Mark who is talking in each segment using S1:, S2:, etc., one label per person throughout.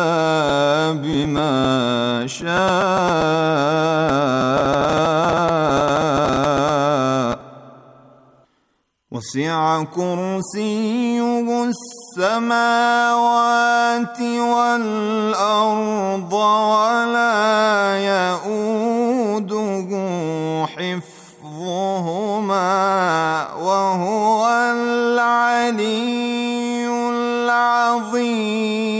S1: العذاب ما شاء وسع كرسيه السماوات والارض ولا يئوده حفظهما وهو العلي العظيم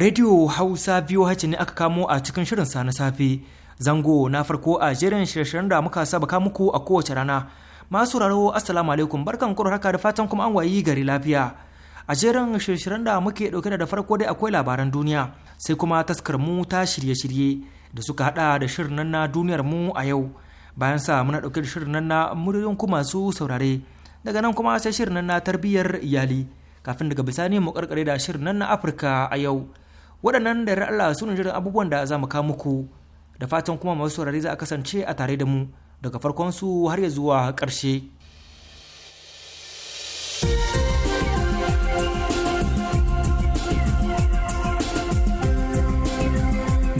S2: Rediyo Hausa biyu hace ne aka kamo a cikin shirin sa na safe. Zango na farko a jerin shirye-shiryen da muka saba ka muku a kowace rana. Masu raro Assalamu alaikum barkan ku haka da fatan kuma an wayi gari lafiya. A jerin shirye-shiryen da muke dauke da farko dai akwai labaran duniya sai kuma taskar mu ta shirye-shirye da suka hada da shirin nan na duniyar mu a yau. Bayan sa muna dauke da shirin nan na muryoyin ku masu saurare. Daga nan kuma sai shirin nan na tarbiyyar iyali. Kafin daga bisani mu karkare da shirin nan na Afirka a yau. waɗannan da Allah su ne jirin abubuwan da za mu kawo muku da fatan kuma masu saurari za a kasance a tare da mu daga farkon su har ya zuwa ƙarshe.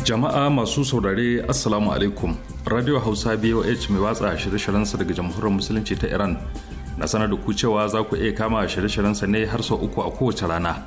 S3: jama'a masu saurare assalamu alaikum radio hausa boh mai watsa shirye-shiryensa daga jamhuriyar musulunci ta iran na sanar da ku cewa za ku iya kama shirye-shiryensa ne har sau uku a kowace rana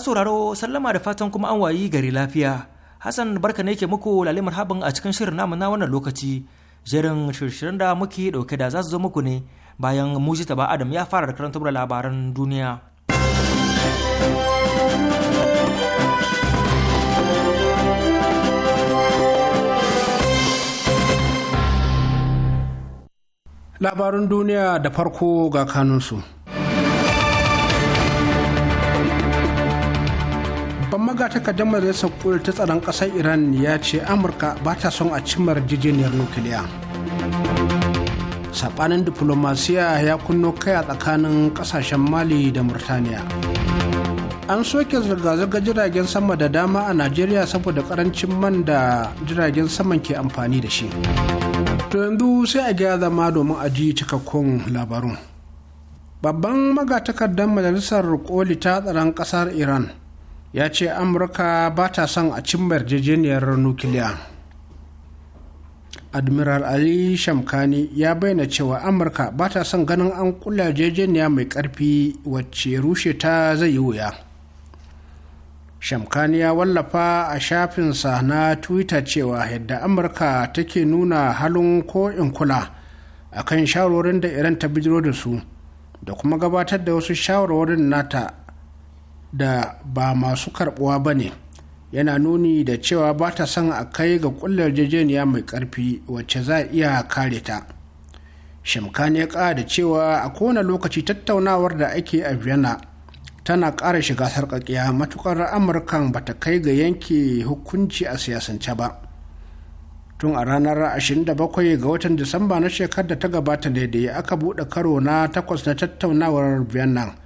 S2: sauraro sallama da fatan kuma an wayi gari lafiya hassan barka ne ke muku lalimar habin a cikin shirin namu na wannan lokaci jerin shirin da muke dauke da za su zo muku ne bayan ta ba adam ya fara da karantar labaran duniya
S4: Labarin duniya da farko ga kanunsu babban magatakardar majalisar kula ta tsaron ƙasar iran ya ce amurka ba ta son a cimma yarjejeniyar nukiliya saɓanin diplomasiya ya kunno kai a tsakanin ƙasashen mali da murtaniya an soke zirga-zirgar jiragen sama da dama a najeriya saboda karancin man da jiragen saman ke amfani da shi to yanzu sai a gaya zama domin a ji cikakkun labarun babban magatakardar majalisar koli ta tsaron ƙasar iran ya ce amurka ba ta son a cimma yarjejeniyar nukiliya admiral ali shamkani ya bayyana cewa amurka ba ta son ganin an kula yarjejeniya mai karfi wacce rushe ta zai yi wuya shamkani ya wallafa a shafinsa na twitter cewa yadda amurka take nuna halin ko in kula akan shawarorin da iran ta bijiro da su da kuma gabatar da wasu shawarwarin nata da ba masu karbuwa ba ne yana nuni da cewa ba ta son a kai ga kullar jejeniya mai karfi wacce za a iya kare ta shamkani ya ƙara da cewa a kowane lokaci tattaunawar da ake a vienna tana ƙara shiga sarƙaƙiya matuƙar amurkan ba ta kai ga yanke hukunci a siyasance ba tun a ranar 27 ga watan disamba na shekarar da ta gabata ne da aka buɗe karo na takwas na tattaunawar vienna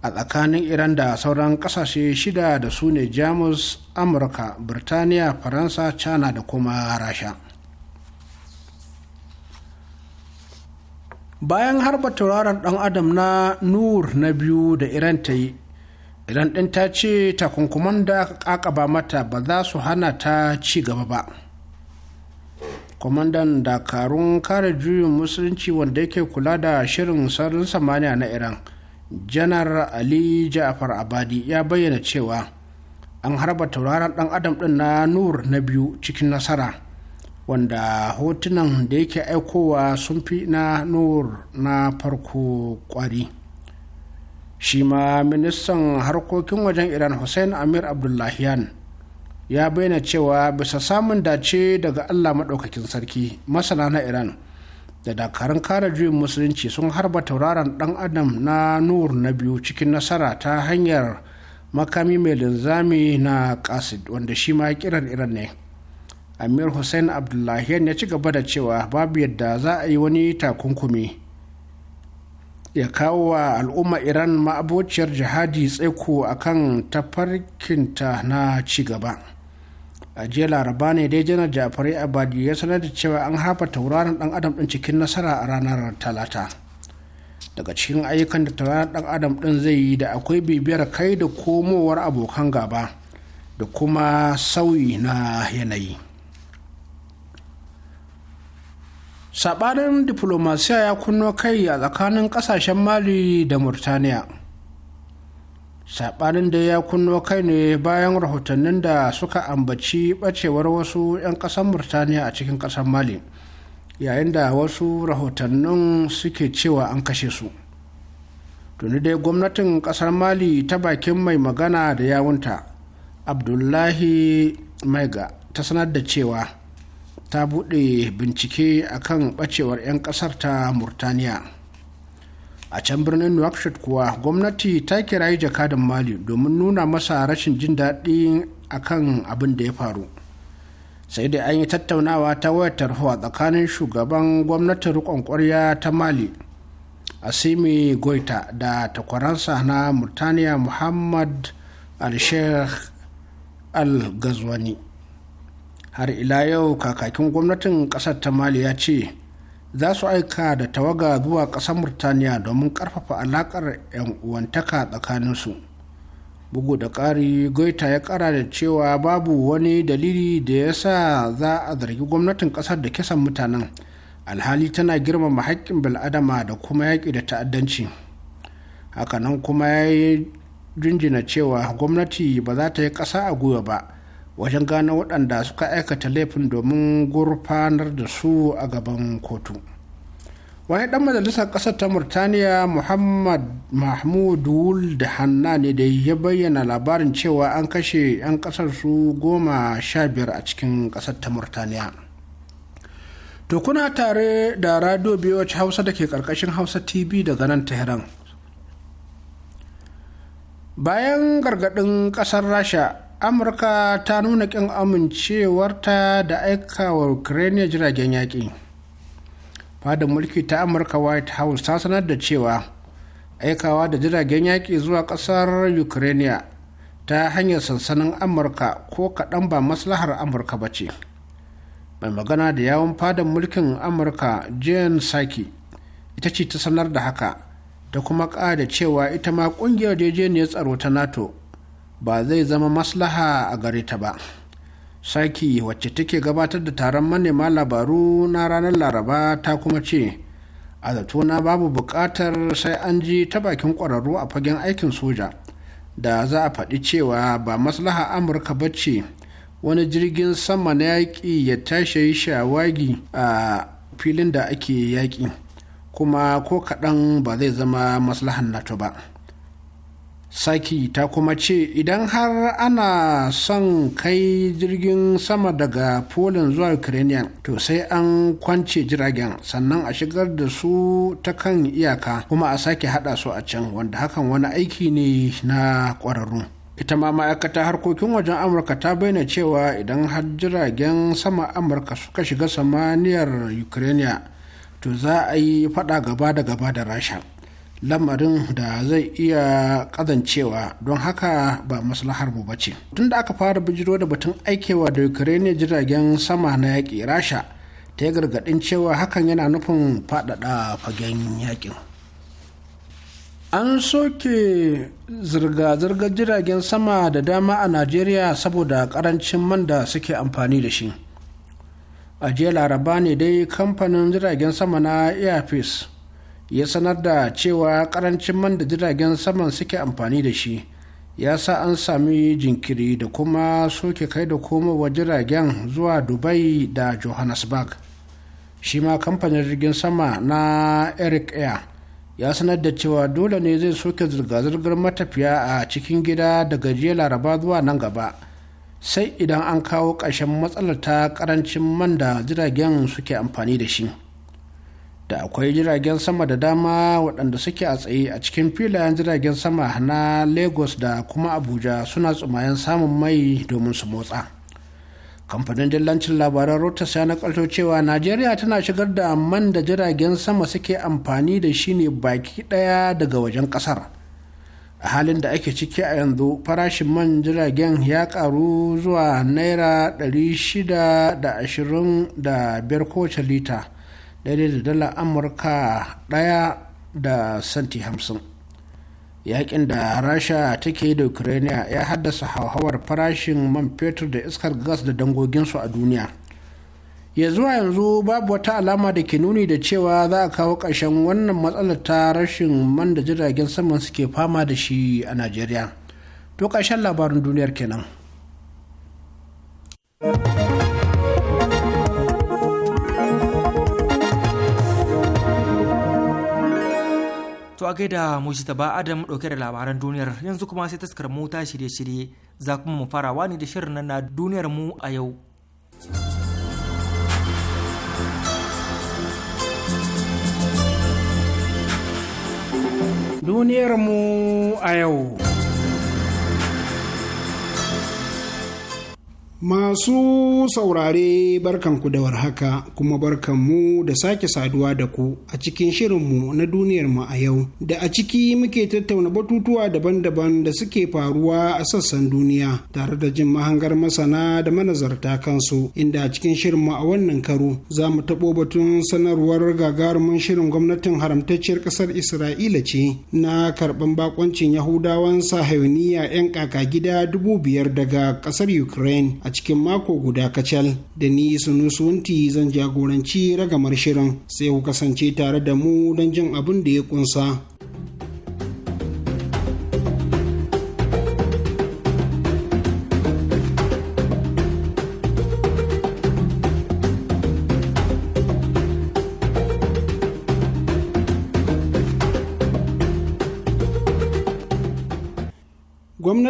S4: a tsakanin iran da sauran kasashe shida da su ne jamus amurka birtaniya faransa china da kuma rasha bayan harba tauraron dan adam na nur na biyu da iran ta yi iran din ta ce takunkuman da aka kakaba mata ba za su hana ta ci gaba ba kwamandan dakarun kare juyin musulunci wanda yake kula da shirin sararin samaniya na iran janar ali ja'far abadi ya bayyana cewa an harba tauraron dan adam din na nur na biyu cikin nasara wanda hotunan da yake aikowa sun fi na nur na farko kwari shi ma ministan harkokin wajen iran hussein amir abdullahian ya bayyana cewa bisa samun dace daga allah maɗaukakin sarki masana na iran da dakarun kare juyin musulunci sun harba tauraron dan adam na nur na biyu cikin nasara ta hanyar makami mai linzami na kasid wanda shi ma kiran iran ne amir hussein abdullahian ya ci gaba da cewa babu yadda za a yi wani takunkumi ya kawo wa al'umma iran ma'abociyar jihadi tsaiko akan tafarkinta na ci gaba. a jiya laraba ne dai janar jafarai abadi ya sanar da cewa an hafa tauraron dan adam din cikin nasara a ranar talata daga cikin ayyukan da tauraron dan adam din zai yi da akwai bibiyar kai da komowar abokan gaba da kuma sauyi na yanayi sabanin diplomasiya ya kunno kai a tsakanin kasashen mali da murtaniya saɓanin da ya kunno kai ne bayan rahotannin da suka ambaci ɓacewar wasu 'yan ƙasar murtaniya a cikin ƙasar mali yayin da wasu rahotannin suke cewa an kashe su tuni dai gwamnatin ƙasar mali ta bakin mai magana da yawunta abdullahi maiga ta sanar da cewa ta buɗe bincike akan ɓacewar 'yan ƙasar ta murtaniya a can birnin nouakchott kuwa gwamnati ta kirayi jakadan mali domin nuna masa rashin jin daɗi akan abin da ya faru sai dai an yi tattaunawa ta wayar tarho a tsakanin shugaban gwamnatin rikon kwarya ta mali asimi goita da takwaransa na murtaniya muhammad al-sheikh al-gazwani har ila yau kakakin gwamnatin ƙasar ta mali ya ce za su aika da tawaga zuwa ƙasar murtaniya domin ƙarfafa alaƙar 'yan uwantaka tsakaninsu bugu da ƙari goita ya ƙara da cewa babu wani dalili da ya sa za a zargi gwamnatin ƙasar da kisan mutanen alhali tana girmama haƙƙin bil'adama da kuma yaƙi da ta'addanci hakanan kuma ya yi jinjina cewa gwamnati ba za ta yi ƙasa a gwiwa ba wajen gano waɗanda suka aikata laifin domin gurfanar da su a gaban kotu wani ɗan majalisar ƙasar ta murtaniya muhammad mahmud da hanna ne da ya bayyana labarin cewa an kashe 'yan ƙasar su goma sha biyar a cikin ƙasar ta murtaniya to kuna tare da radio biyu hausa da ke ƙarƙashin hausa tv daga nan tehran bayan gargaɗin ƙasar rasha amurka ta nuna ƙin amincewarta da aika wa ukraine jiragen yaƙi fadar mulki ta amurka white house ta sanar da cewa aikawa da jiragen yaƙi zuwa ƙasar ukraine ta hanyar sansanin amurka ko kaɗan ba maslahar amurka ba ce mai magana da yawon fadar mulkin amurka jen saki ita ce ta sanar da haka ta kuma ƙada cewa ita ma ƙungiyar jejeniyar tsaro ta nato ba zai zama maslaha a gare ta ba saki wacce take gabatar da taron manema labaru na ranar laraba ta kuma ce a zatona babu buƙatar sai an ji ta bakin ƙwararru a fagen aikin soja da za a faɗi cewa ba maslaha amurka ba ce wani jirgin sama na yaƙi ya tashi shawagi a filin da ake yaƙi kuma ko kaɗan ba zai zama maslahan nato ba. saki ta kuma ce idan har ana son kai jirgin sama daga poland zuwa ukrainian to sai an kwance jiragen sannan a shigar da su ta kan iyaka kuma a sake hada su a can wanda hakan wani aiki ne na kwararru ita ma ma'aikata harkokin wajen amurka ta bayyana cewa idan har jiragen sama amurka suka shiga samaniyar ukraine to za a yi fada gaba da gaba da rasha lamarin da zai iya kazancewa don haka ba maslahar mu bace tun da aka fara bijiro da batun aikewa da ukraine jiragen sama na yaƙi rasha ta yi gargaɗin cewa hakan yana nufin faɗaɗa fagen yaƙin an soke zirga-zirgar jiragen sama da dama a najeriya saboda ƙarancin man da suke amfani da shi a jiya laraba ne dai kamfanin jiragen sama na airpeace ya sanar da cewa karancin man da jiragen saman suke amfani da shi ya sa an sami jinkiri da kuma soke kai da komowa jiragen zuwa dubai da johannesburg shi ma kamfanin jirgin sama na eric air ya sanar da cewa dole ne zai soke zirga-zirgar matafiya a cikin gida daga jiya laraba zuwa nan gaba sai idan an kawo ƙarshen matsalar ta karancin man da jiragen suke amfani da shi. da akwai jiragen sama da dama waɗanda suke a tsaye a cikin filayen jiragen sama na lagos da kuma abuja suna tsumayen samun mai domin su motsa kamfanin dillancin labaran reuters ya nakalto cewa najeriya tana shigar da man da jiragen sama suke amfani da shi ne baki ɗaya daga wajen ƙasar a halin da ake ciki a yanzu farashin man jiragen ya ƙaru zuwa naira 625 kowace lita daidai da dala amurka daya da santi hamsin yakin da rasha take da ukraine ya haddasa hauhawar farashin man fetur da iskar gas da dangoginsu a duniya ya zuwa yanzu babu wata alama da ke nuni da cewa za a kawo ƙarshen wannan matsalar ta rashin man da jiragen saman suke fama da shi a nigeria to ƙarshen labarin duniyar kenan.
S2: To a gaida ta ba Adam ɗauke da labaran duniyar yanzu kuma sai taskar mu ta shirye-shirye za kuma mu fara wani da shirin na duniyar mu a yau.
S5: Duniyar mu a yau. Masu saurare barkanku da warhaka kuma barkanmu da sake saduwa da ku a cikin shirinmu na duniyar mu a yau da a ciki muke tattauna batutuwa daban-daban da suke faruwa a sassan duniya tare da jin mahangar masana da manazarta kansu inda a cikin shirinmu a wannan karo za mu taɓo batun sanarwar gagarumin shirin gwamnatin haramtacciyar ƙasar Isra'ila ce na karɓan bakoncin Yahudawan sahayoniya 'yan kaka gida dubu biyar daga ƙasar Ukraine a cikin mako guda kacal da ni sunusunti zan jagoranci ragamar shirin sai ku kasance tare da mu don jin abin da ya kunsa.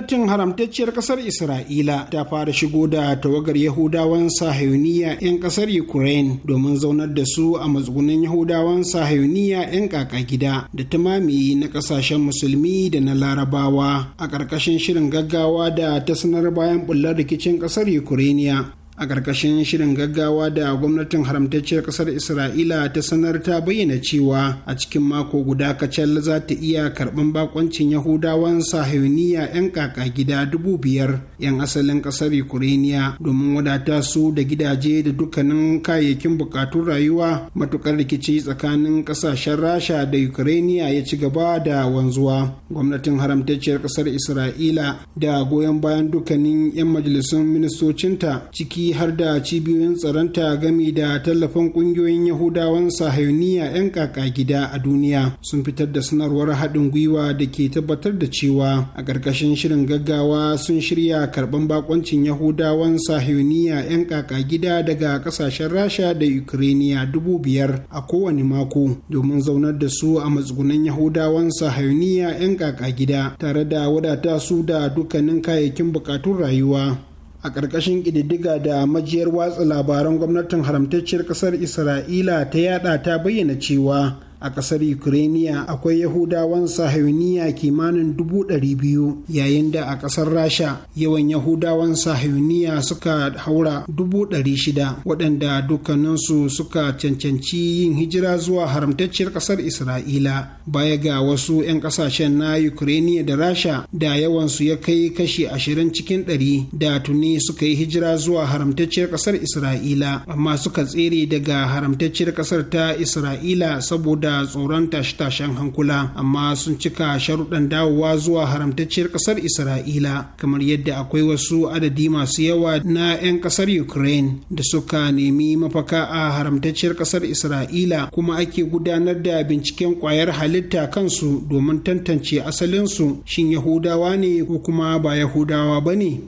S5: gwamnatin haramtacciyar kasar isra'ila ta fara shigo da tawagar yahudawan sahayuniya 'yan kasar ukraine domin zaunar da su a matsugunan yahudawan sahayuniya 'yan kaka gida da ta mamaye na kasashen musulmi da na larabawa a ƙarƙashin shirin gaggawa da ta sanar bayan bullar rikicin kasar ukraine a ƙarƙashin shirin gaggawa da gwamnatin haramtacciyar ƙasar isra'ila ta sanar ta bayyana cewa a cikin mako guda kacal za ta iya karɓan bakoncin yahudawan sahiyoniya 'yan kaka gida dubu biyar 'yan asalin ƙasar ukrainiya domin wadata su da gidaje da dukkanin kayayyakin buƙatun rayuwa matuƙar rikici tsakanin ƙasashen rasha da ukrainiya ya ci gaba da wanzuwa gwamnatin haramtacciyar ƙasar isra'ila da goyon bayan dukkanin 'yan majalisun ministocinta ciki har da cibiyoyin tsaronta gami da tallafin kungiyoyin yahudawan sahayoniya 'yan kaka gida a duniya sun fitar da sanarwar haɗin gwiwa da ke tabbatar da cewa a ƙarƙashin shirin gaggawa sun shirya karɓan bakoncin yahudawan sahayoniya 'yan kaka gida daga ƙasashen rasha da ukrainiya dubu biyar a kowane mako domin zaunar da su a matsugunan yahudawan sahayoniya 'yan kaka gida tare da wadata su da dukkanin kayayyakin buƙatun rayuwa a ƙarƙashin ƙididdiga da majiyar watsa labaran gwamnatin haramtacciyar ƙasar isra'ila ta yada ta bayyana cewa a ƙasar ukrainiya akwai Yahudawan sahayuniya kimanin dubu ɗari biyu yayin da a ƙasar Rasha yawan Yahudawan sahayuniya suka haura dubu ɗari shida waɗanda dukkaninsu suka cancanci yin hijira zuwa haramtacciyar ƙasar Isra'ila baya ga wasu 'yan ƙasashen na Ukraina da Rasha da yawansu ya kai kashi ashirin cikin ɗari da tuni suka yi hijira zuwa haramtacciyar ƙasar Isra'ila amma suka tsere daga haramtacciyar ƙasar ta Isra'ila saboda da tsoron tashe-tashen hankula amma sun cika sharuɗan dawowa zuwa haramtacciyar ƙasar isra'ila kamar yadda akwai wasu adadi masu yawa na 'yan ƙasar ukraine da suka nemi mafaka a haramtacciyar ƙasar isra'ila kuma ake gudanar da binciken ƙwayar halitta kansu domin tantance asalinsu shin yahudawa ne ko kuma ba yahudawa ba ne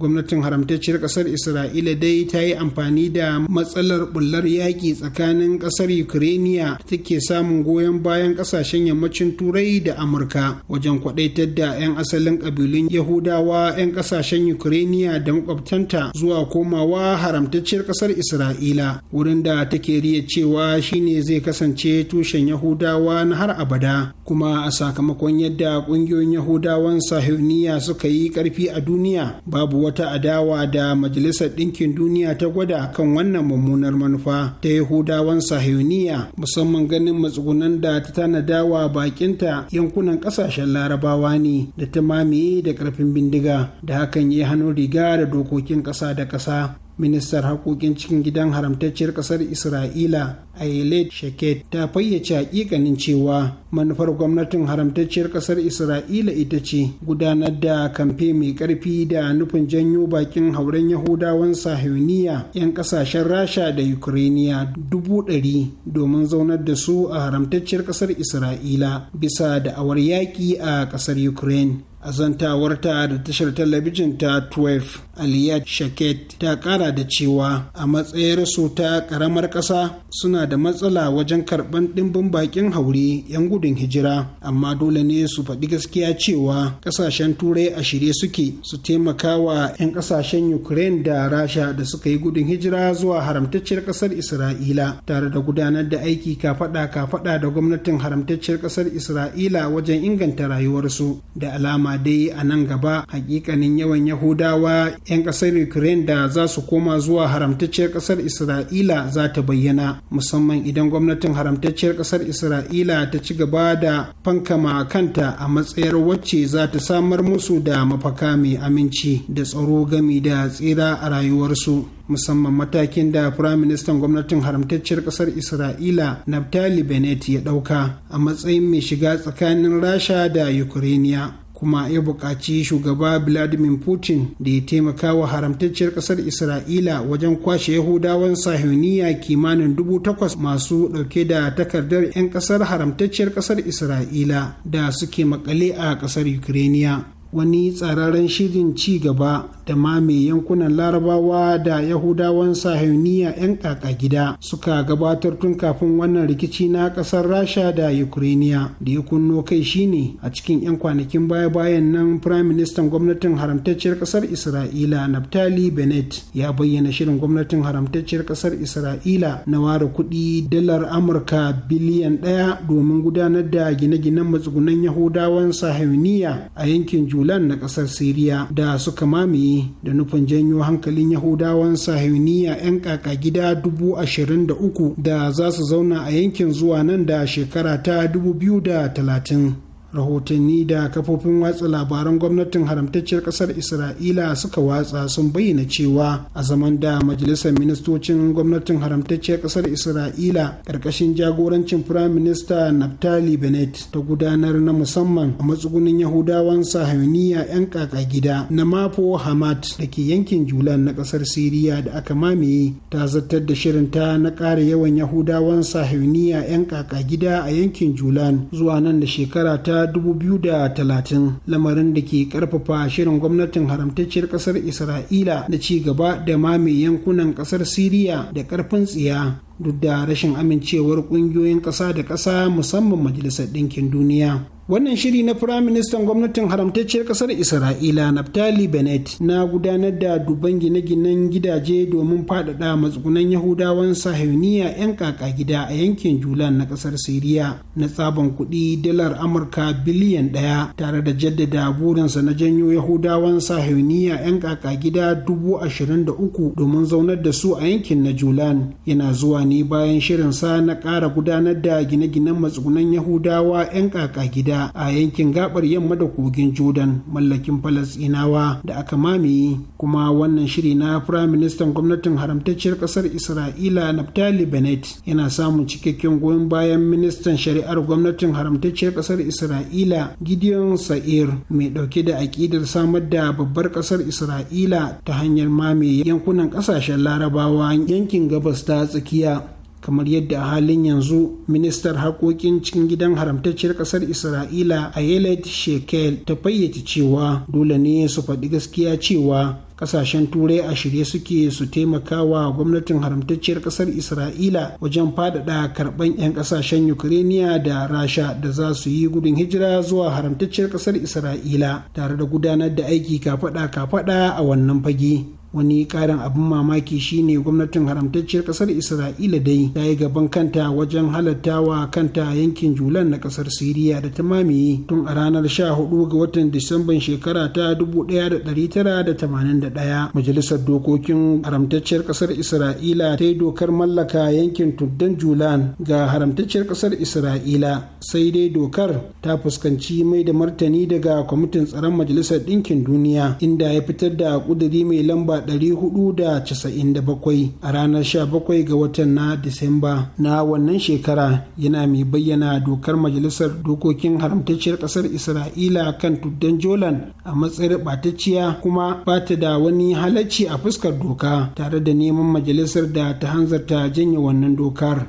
S5: gwamnatin haramtacciyar kasar isra'ila dai ta yi amfani da matsalar bullar yaƙi tsakanin kasar ukraniya ke samun goyon bayan kasashen yammacin turai da amurka wajen kwadaitar da 'yan asalin ƙabilun yahudawa 'yan kasashen ukraniya da makwabtanta zuwa komawa haramtacciyar kasar isra'ila wurin da ta ke riya cewa shine zai kasance tushen yahudawa na har abada kuma a sakamakon yadda ƙungiyoyin yahudawan sahiyoniya suka yi ƙarfi a duniya babu wata adawa da majalisar ɗinkin duniya ta gwada kan wannan mummunar manufa ta yahudawan sahiyoniya musamman ganin matsugunan da ta tanadawa bakinta yankunan ƙasashen larabawa ne da ta mamaye da ƙarfin bindiga da hakan ya hannun riga da dokokin ƙasa da ƙasa ministar harkokin cikin gidan haramtacciyar ƙasar isra'ila Ailet Shaket ta fayyace hakikanin cewa manufar gwamnatin haramtacciyar kasar Isra'ila ita ce gudanar da kamfe mai karfi da nufin janyo bakin hauren Yahudawan Sahiyoniya 'yan kasashen Rasha da Ukrainiya dubu ɗari domin zaunar da su a haramtacciyar kasar Isra'ila bisa da awar yaƙi a kasar Ukraine. a zantawarta da tashar talabijin ta 12 aliyat shaket ta kara da cewa a matsayar su ta karamar ƙasa suna da matsala wajen karɓan ɗimbin baƙin haure 'yan gudun hijira amma dole ne su faɗi gaskiya cewa ƙasashen turai a shirye suke su taimaka wa 'yan ƙasashen ukraine da rasha da suka yi gudun hijira zuwa haramtacciyar ƙasar isra'ila tare da gudanar da aiki kafaɗa kafaɗa da gwamnatin haramtacciyar ƙasar isra'ila wajen inganta rayuwarsu da alama dai a nan gaba hakikanin yawan yahudawa 'yan ƙasar ukraine da za su koma zuwa haramtacciyar ƙasar isra'ila za ta bayyana musamman idan gwamnatin haramtacciyar kasar isra'ila ta ci gaba da fankama kanta a matsayar wacce za ta samar musu da mafaka mai aminci da tsaro gami da tsira a rayuwarsu musamman matakin da firaministan gwamnatin haramtacciyar kasar isra'ila naftali benet ya ɗauka a matsayin mai shiga tsakanin rasha da ukraine. kuma ya buƙaci shugaba vladimir putin da ya taimaka wa haramtacciyar ƙasar isra'ila wajen kwashe yahudawan sahiniya kimanin dubu takwas masu ɗauke da takardar 'yan ƙasar haramtacciyar ƙasar isra'ila da suke makale a ƙasar ukrainiya wani tsararren shirin ci gaba da mame yankunan larabawa da yahudawan sahiyoniya 'yan kaka gida suka gabatar tun kafin wannan rikici na kasar rasha da ukrainiya da ya kunno kai shine a cikin 'yan kwanakin baya-bayan nan prime ministan gwamnatin haramtacciyar kasar isra'ila naftali bennett ya bayyana shirin gwamnatin haramtacciyar kasar isra'ila na ware kuɗi dalar amurka biliyan ɗaya domin gudanar da gine-ginen matsugunan yahudawan sahiyoniya a yankin julan na ƙasar siriya da suka mamaye da nufin janyo hankalin yahudawan sahiyuniya 'yan kaka gida dubu ashirin da uku da za su zauna a yankin zuwa nan da shekara ta dubu biyu da talatin rahotanni da kafofin watsa labaran gwamnatin haramtacciyar kasar isra'ila suka watsa sun bayyana cewa a zaman da majalisar ministocin gwamnatin haramtacciyar kasar isra'ila ƙarƙashin jagorancin firayim minista naftali bennett ta gudanar na musamman a matsugunin yahudawan sahayuniya 'yan kaka gida na mafo hamad da ke yankin julan na kasar siriya da aka mamaye ta zartar da shirinta na ƙara yawan yahudawan sahayuniya 'yan kaka gida a yankin julan zuwa nan da shekara ta 2030 lamarin da ke karfafa shirin gwamnatin haramtacciyar kasar isra'ila na ci gaba da mame yankunan kasar siriya da karfin tsiya duk da rashin amincewar kungiyoyin ƙasa da ƙasa musamman majalisar ɗinkin duniya wannan shiri na firaministan gwamnatin haramtacciyar kasar isra'ila naftali bennett na gudanar da dubban gine-ginen gidaje domin faɗaɗa matsugunan yahudawan sahiyoniya 'yan kaka gida a yankin julan na kasar siriya na tsaban kuɗi dalar amurka biliyan ɗaya tare da jaddada burinsa na janyo yahudawan sahiyoniya 'yan kaka gida dubu ashirin da uku domin zaunar da su a yankin na julan yana zuwa ne bayan shirin sa na ƙara gudanar da gine-ginen matsugunan yahudawa 'yan kaka gida a yankin gabar yamma da kogin jordan mallakin falasinawa da aka mamaye kuma wannan shiri na firayim ministan gwamnatin haramtacciyar ƙasar isra'ila naftali bennett yana samun cikakken goyon bayan ministan shari'ar gwamnatin haramtacciyar ƙasar isra'ila gideon sa'ir mai ɗauke da aƙidar samar da babbar ƙasar isra'ila ta hanyar mame yankunan ƙasashen larabawa yankin gabas ta tsakiya kamar yadda a halin yanzu ministar harkokin cikin gidan haramtacciyar kasar isra'ila a ayelet shekel ta fayyace cewa dole ne su faɗi gaskiya cewa kasashen turai a shirye suke su taimaka wa gwamnatin haramtacciyar kasar isra'ila wajen faɗaɗa karɓan 'yan kasashen ukraniya da rasha da za su yi gudun hijira zuwa haramtacciyar kasar isra'ila tare da gudanar da aiki kafaɗa kafaɗa a wannan fage wani karin abin mamaki shine gwamnatin haramtacciyar kasar isra'ila dai ta yi gaban kanta wajen halattawa kanta yankin julan na kasar siriya da ta mamaye tun a ranar 14 ga watan disamban shekara ta 1981 majalisar dokokin haramtacciyar kasar isra'ila ta yi dokar mallaka yankin tuddan julan ga haramtacciyar kasar isra'ila sai dai dokar ta fuskanci mai da martani daga kwamitin tsaron majalisar ɗinkin duniya inda ya fitar da ƙuduri mai lamba 497 a ranar 17 ga watan na Disamba na wannan shekara yana mai bayyana dokar Majalisar Dokokin Haramtacciyar Ƙasar Isra'ila kan tuddan Jolan a matsayin ɓatacciya kuma ba ta da wani halacci a fuskar doka tare da neman majalisar da ta hanzarta janye wannan dokar.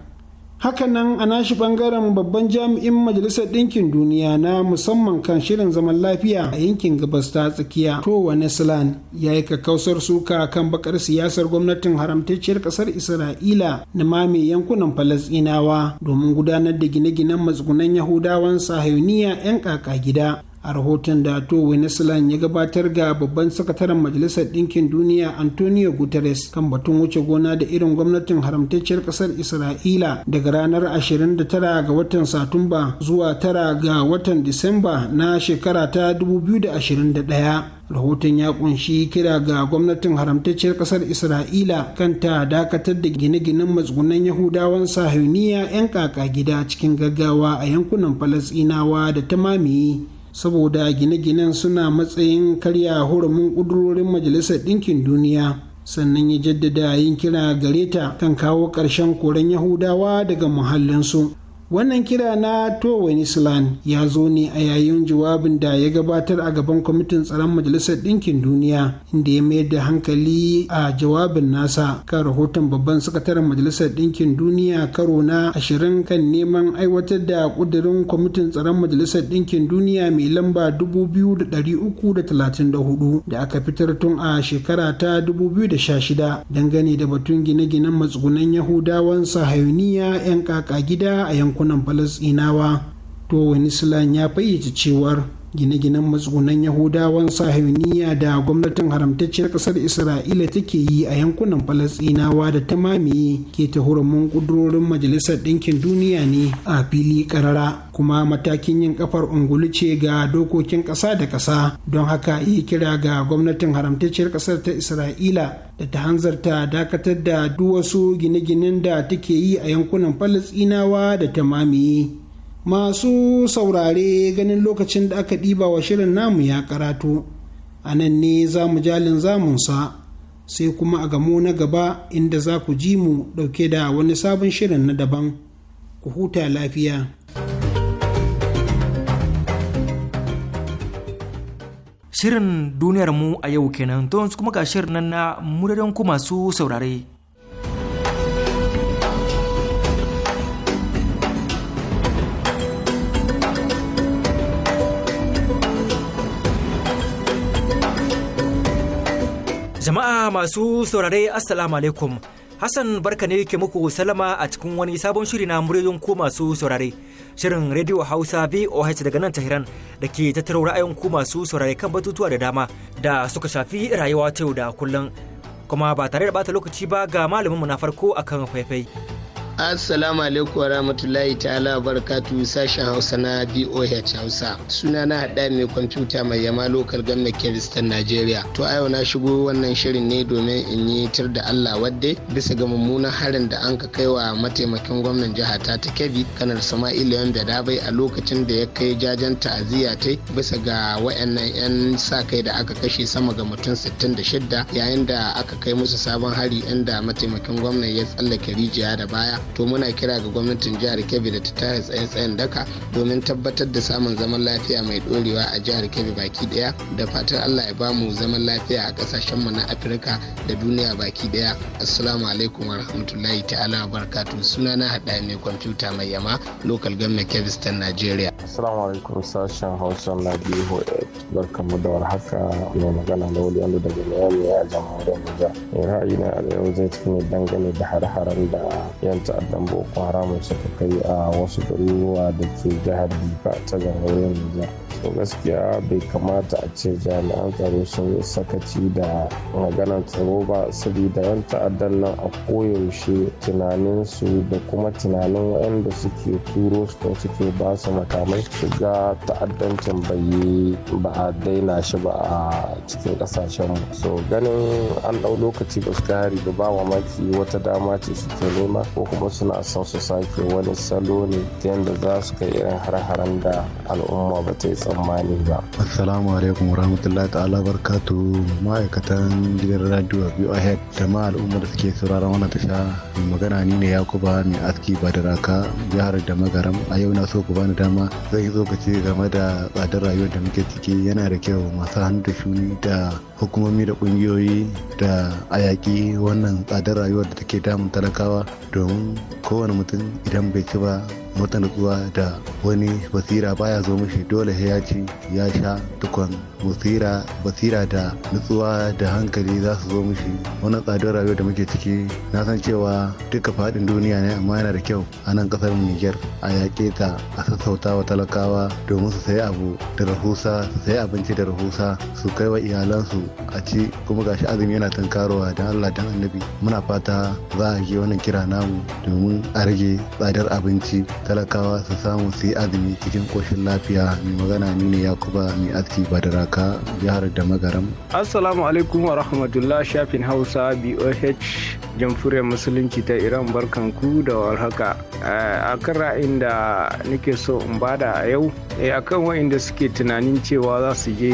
S5: hakanan a nashi bangaren babban jami'in majalisar ɗinkin duniya na musamman kan shirin zaman lafiya a yankin gabas ta tsakiya towa neslan ya yi kakkausar suka kan bakar siyasar gwamnatin haramtacciyar kasar isra'ila na mame yankunan falasɗinawa domin gudanar da gine-ginen matsugunan yahudawan sahayuniya 'yan kaka gida a rahoton da to Venezuelan ya gabatar ga babban sakataren majalisar ɗinkin duniya Antonio Guterres kan batun wuce gona da irin gwamnatin haramtacciyar ƙasar Isra'ila daga ranar 29 ga watan Satumba zuwa 9 ga watan Disamba na shekara ta 2021. rahoton ya kunshi kira ga gwamnatin haramtacciyar kasar isra'ila kan ta dakatar da gine-ginen matsugunan yahudawan sahiniya 'yan kaka gida cikin gaggawa a yankunan falasinawa da ta saboda gine-ginen suna matsayin karya hurumin ƙudurorin majalisar ɗinkin duniya sannan ya jaddada yin kira gare ta kan kawo ƙarshen koren yahudawa daga muhallinsu wannan kira na towani ya zo ne a yayin jawabin da ya gabatar a gaban kwamitin tsaron majalisar ɗinkin duniya inda ya mayar da hankali a jawabin nasa kan rahoton babban sakataren majalisar ɗinkin duniya karo na ashirin kan neman aiwatar da ƙudurin kwamitin tsaron majalisar ɗinkin duniya mai lamba 2334 da aka fitar tun a shekara ta 2016 dangane da batun gine-ginen matsugunan yahudawan sahayuniya 'yan kaka gida a yankin yankunan falasɗinawa to wenislan ya fayyace cewar gine-ginen matsugunan yahudawan sahiyoniya da gwamnatin haramtacciyar ƙasar isra'ila take yi a yankunan falasinawa da ta mamaye ke ta hurumin ƙudurorin majalisar ɗinkin duniya ne a fili karara kuma matakin yin kafar ungulu ce ga dokokin ƙasa da ƙasa don haka yi kira ga gwamnatin haramtacciyar ƙasar ta isra'ila da ta hanzarta dakatar da duk wasu gine-ginen da take yi a yankunan falasinawa da ta mamaye masu saurare ganin lokacin da aka ɗiba wa shirin namu ya karatu a nan ne za mu jalin zamunsa sai kuma a gamo na gaba inda za ku ji mu ɗauke da wani sabon shirin na daban ku huta lafiya
S2: shirin duniyar mu a yau kenan to kuma ga shirin nan na muradan masu saurare Jama'a masu saurare Assalamu alaikum. Hassan barka ne ke muku salama a cikin wani sabon shiri na muryoyin ku masu saurare. Shirin Radio Hausa VOH daga nan Tahiran da ke tattaro ra'ayin ku masu saurare kan batutuwa da dama da suka shafi rayuwa ta yau da kullum. Kuma ba tare da bata lokaci ba ga malamin mu na farko akan faifai.
S5: Assalamu alaikum wa rahmatullahi ta'ala barkatu sashen Hausa na BOH Hausa. Suna na haɗa mai kwamfuta mai yama lokal gamna Kiristan Najeriya. To a yau na shigo wannan shirin ne domin in yi tir da Allah wadde bisa ga mummunan harin da an ka kai wa mataimakin gwamnan jiha ta ta Kebbi kanar Sama'ilu Yanda Dabai a lokacin da ya kai jajen ta'aziyya ta bisa ga wayannan 'yan sa kai da aka kashe sama ga mutum sittin da 66 yayin da aka kai musu sabon hari inda mataimakin gwamnan ya tsallake rijiya da baya to muna kira ga gwamnatin jihar kebbi da ta tare tsaye-tsayen daka domin tabbatar da samun zaman lafiya mai dorewa a jihar kebbi baki daya da fatan allah ya ba mu zaman lafiya a kasashen mu na afirka da duniya baki daya assalamu alaikum warahmatullahi ta'ala barkatu suna na hada mai kwamfuta mai yama local government kebbi Stan, nigeria assalamu
S6: alaikum sashen hausa na biyu mu da warhaka mai magana da wani wanda daga
S7: miami a jamhuriyar nijar
S6: ra'ayi na a yau zai tafi dangane da har-haren da yanta ta'addan boko haram suka kai a wasu garuruwa da ke jihar bifa ta jamhuriyar nijar to gaskiya bai kamata a ce jami'an tsaro sun sakaci da maganar tsaro ba saboda yan ta'addan nan a koyaushe tunanin su da kuma tunanin waɗanda suke turo su suke ba su makamai shiga ta'addancin bayi ba a daina shi ba a cikin ƙasashen mu so ganin an ɗau lokaci ba su hari ba ba maki wata dama ce suke nema ko kuma wasu na son su sake wani salo ne ta yadda za su kai irin har-haren da
S8: al'umma ba ta yi tsammani ba. Assalamu alaikum rahmatullahi ta'ala barkatu ma'aikatan gidan radio head da ma al'umma da suke sauraron wannan tasha magana ni ne Yakuba mai aski ba da raka jihar da magaram a yau na so ku bani dama zai yi tsokaci game da tsadar rayuwar da muke ciki yana da kyau masu hannu da shuni da hukumomi da kungiyoyi da a wannan tsadar rayuwar da take damun talakawa domin kowane mutum idan bai ci ba wata nutsuwa da wani basira baya zo mishi dole sai ya ci ya sha tukun basira basira da nutsuwa da hankali za su zo mishi wannan tsadar rayuwa da muke ciki na san cewa duka faɗin duniya ne amma yana da kyau a nan kasar Niger a yaƙe ta a sassauta wa talakawa domin su sayi abu da rahusa su sayi abinci da rahusa su kai wa iyalansu a ci kuma gashi azumi yana tunkarowa dan Allah dan annabi muna fata za a yi wannan kira namu domin a rage tsadar abinci talakawa su samu su yi azumi cikin koshin lafiya mai magana ni ne yakuba mai aski badaraka jihar da magaram
S9: assalamu alaikum wa rahmatullah shafin hausa boh Jamfure, musulunci ta iran barkan ku da warhaka eh, a kan ra'ayin da nake so in bada a yau eh, a kan wa'inda suke tunanin cewa za su je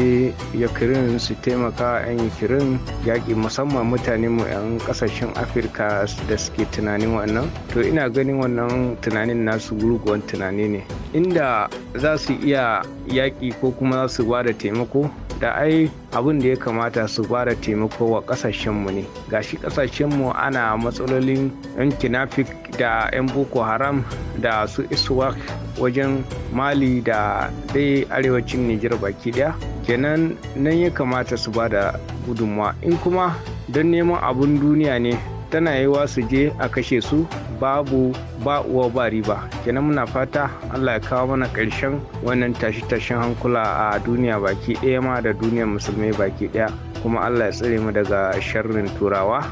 S9: yakirin su taimaka 'yan yakirin yaƙi musamman mutane mu 'yan ƙasashen afirka da suke tunanin wannan to ina ganin wannan tunanin nasu gurguwan tunani ne inda za su iya yaƙi ko kuma za su bada taimako da ai abin da ya kamata su bada taimako wa kasashenmu ne gashi kasashenmu ana matsalolin yan kinafik da yan boko haram da su iswak wajen mali da dai arewacin nijar baki daya kenan nan ya kamata su bada da gudunmawa in kuma don neman abun duniya ne tana yiwa su je a kashe su babu ba uwa ba riba kenan muna fata allah ya kawo mana ƙarshen wannan tashi-tashin hankula a duniya baki ɗaya ma da duniyar musulmai baki ɗaya kuma allah ya tsare mu daga sharrin turawa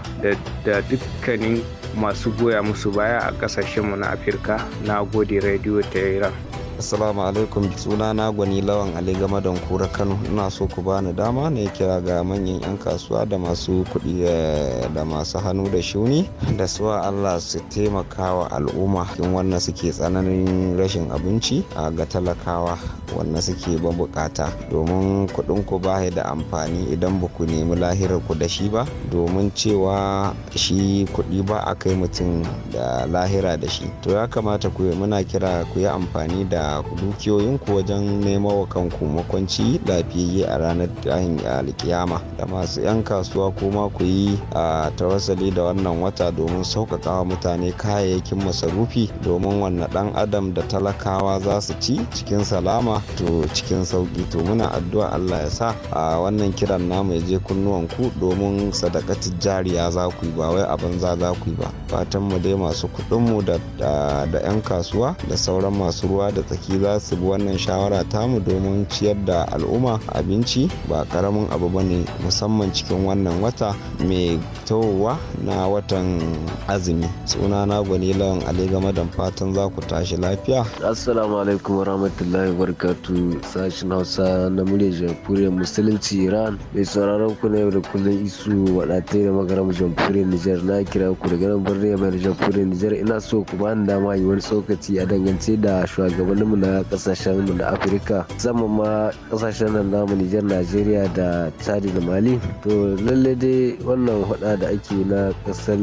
S9: da dukkanin masu goya musu baya a ƙasashenmu na afirka na gode rediyo ta iran Assalamu alaikum
S6: suna na gwani lawan Ali game da kura Kano ina so ku bani dama ne kira ga manyan 'yan kasuwa da masu kuɗi eh, da masu hannu da shuni da suwa Allah su taimaka wa al'umma in wannan suke tsananin rashin abinci a ga talakawa wannan suke ba bukata domin kuɗin ku ba da amfani idan ba ku nemi lahirar ku da shi ba domin cewa shi kuɗi ba a kai mutum da lahira da shi to ya kamata ku muna kira ku yi amfani da da dukiyoyinku wajen nema wa kanku makwanci lafiyayye a ranar alkiyama da masu 'yan kasuwa kuma ku yi a tawasali da wannan wata domin sauƙaƙa wa mutane kayayyakin masarufi domin wanne ɗan adam da talakawa za su ci cikin salama to cikin sauƙi to muna addu'a Allah ya sa a wannan kiran namu ya je kunnuwanku domin sadaka tijjariya za ku yi ba wai a banza za ku yi ba fatan mu dai masu kuɗinmu da 'yan kasuwa da sauran masu ruwa da tsaki baki za su bi wannan shawara tamu domin ciyar da al'umma abinci ba karamin abu ba ne musamman cikin wannan wata mai towa na watan azumi sunana
S10: gwani lawan ali game da fatan za ku tashi lafiya assalamu alaikum warahmatullahi wabarakatuh sashen hausa na muryar jamhuriyar musulunci iran mai sauraron ku na yau da kullum isu wadatai da magaram jamhuriyar nijar na kira ku daga nan birnin mai jamhuriyar nijar ina so ku bani dama yi wani tsokaci a dangance da shugabannin mu na kasashen mu na afirka musamman ma kasashen nan namu nijar najeriya da chadi da mali to lalle dai wannan hada da ake na kasar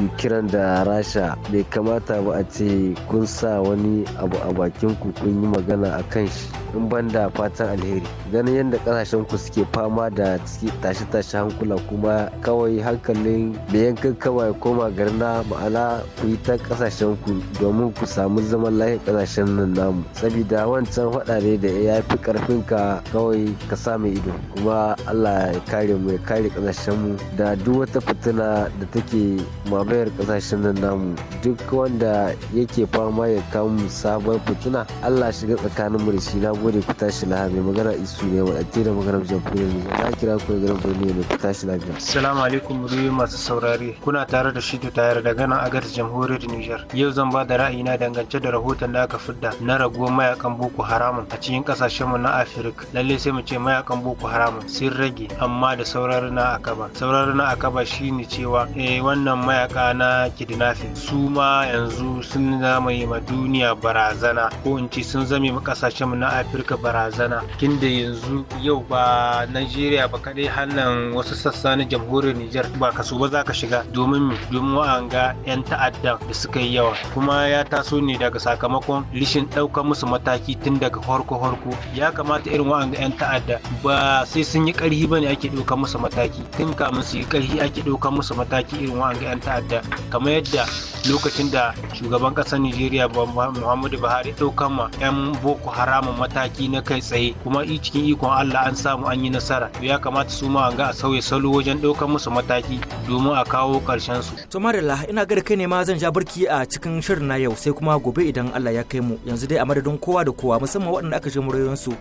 S10: ukiran da rasha bai kamata ba a ce kun sa wani abu a bakin ku kun yi magana a kan shi in ban da fatan alheri ganin yadda kasashen ku suke fama da tashe-tashe hankula kuma kawai hankalin da yankan kawai koma garna ma'ana ku yi ta kasashen ku domin ku samu zaman lafiya kasashen nan namu Sabida wancan faɗa da ya fi karfin ka kawai ka sa mai ido kuma allah ya kare mu ya kare kasashen mu da duk wata fitina da take mamayar kasashen nan namu duk wanda yake fama ya kamu sabon fitina allah shiga tsakanin mu da shi na gode ku tashi lahabi magana isu ne wa da maganar jamhuriyar ne na kira ku da garin birni ne ku tashi lafiya
S11: assalamu alaikum muriyoyi masu saurari. kuna tare da shi tayar da ganin agar jamhuriyar nijar yau zan ba da ra'ayina dangance da rahoton da aka fidda na rago raguwar mayakan boko haramun a cikin kasashen mu na afirka lallai sai mu ce mayakan boko haramun sun rage amma da saurar na akaba saurar na akaba shine cewa eh wannan mayaka na kidnapping su ma yanzu sun zama yi ma duniya barazana ko in ce sun zame mu kasashen mu na afirka barazana da yanzu yau ba najeriya ba kadai hannan wasu sassa na jamhuriyar nijar ba kaso ba za ka shiga domin mi domin wa'anga 'yan ta'adda da suka yi yawa kuma ya taso ne daga sakamakon rishin ɗaukar ɗaukar musu mataki tun daga horko-horko ya kamata irin wa'anga 'yan ta'adda ba sai sun yi ƙarhi ba ne ake ɗaukar musu mataki tun kamun su yi ƙarhi ake ɗaukar musu mataki irin wa'anga 'yan ta'adda kamar yadda lokacin da shugaban kasar nigeria Muhammadu Buhari ɗaukan ma 'yan Boko Haram mataki na kai tsaye kuma cikin ikon Allah an samu an yi nasara ya kamata su ma ga a sauya salo wajen ɗaukan musu mataki domin a kawo ƙarshen su.
S2: To Marilla ina ga kai ne ma zan ja barki a cikin shirin na yau sai kuma gobe idan Allah ya kai mu yanzu dai a madadin kowa da kowa musamman waɗanda aka je murayensu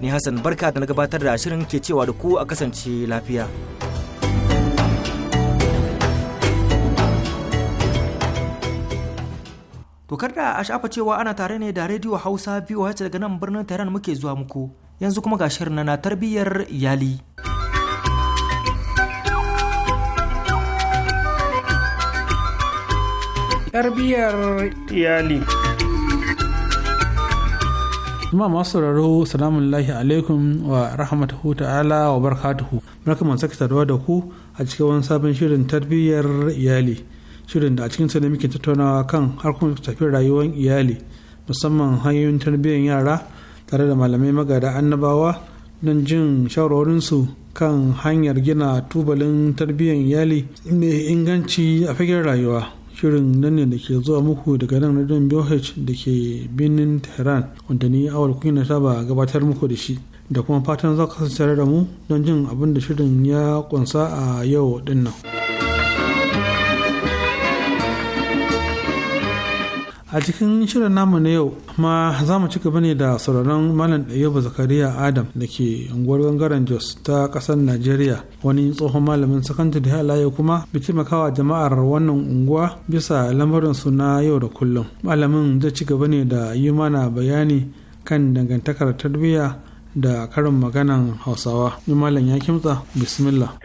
S2: ni Hassan barka da na gabatar da shirin ke cewa da ku a kasance lafiya. kar da a shafa cewa ana tare ne da rediyo Hausa biyu wace daga nan birnin Tehran muke zuwa muku. Yanzu kuma ga shirin na tarbiyyar iyali.
S4: Tarbiyyar iyali.
S12: Jama'a masu sauraro salamu alaihi alaikum wa rahmatuhu ta'ala wa barakatuhu. mun sake da ku a cikin wani sabon shirin tarbiyyar iyali. shirin da a cikin sa ne muke tattaunawa kan harkokin tafiyar rayuwar iyali musamman hanyoyin tarbiyyar yara tare da malamai magada annabawa don jin shawarwarinsu kan hanyar gina tubalin tarbiyyar iyali mai inganci a fagen rayuwa shirin nan ne da ke zuwa muku daga nan radion BOH da ke birnin Tehran wanda ni awal kunya saba gabatar muku da shi da kuma fatan za ka kasance da mu don jin abin da shirin ya kunsa a yau dinnan. a cikin shirin namu na yau ma za mu ci gaba ne da sauraron malam ɗayyaba zakariya adam da ke unguwar gangaren jos ta ƙasar najeriya wani tsohon malamin sakandare da ya kuma bi taimakawa jama'ar wannan unguwa bisa lamarin su na yau da kullum malamin zai ci gaba ne da yi mana bayani kan dangantakar tarbiyya da karin maganan hausawa ni malam ya kimtsa bismillah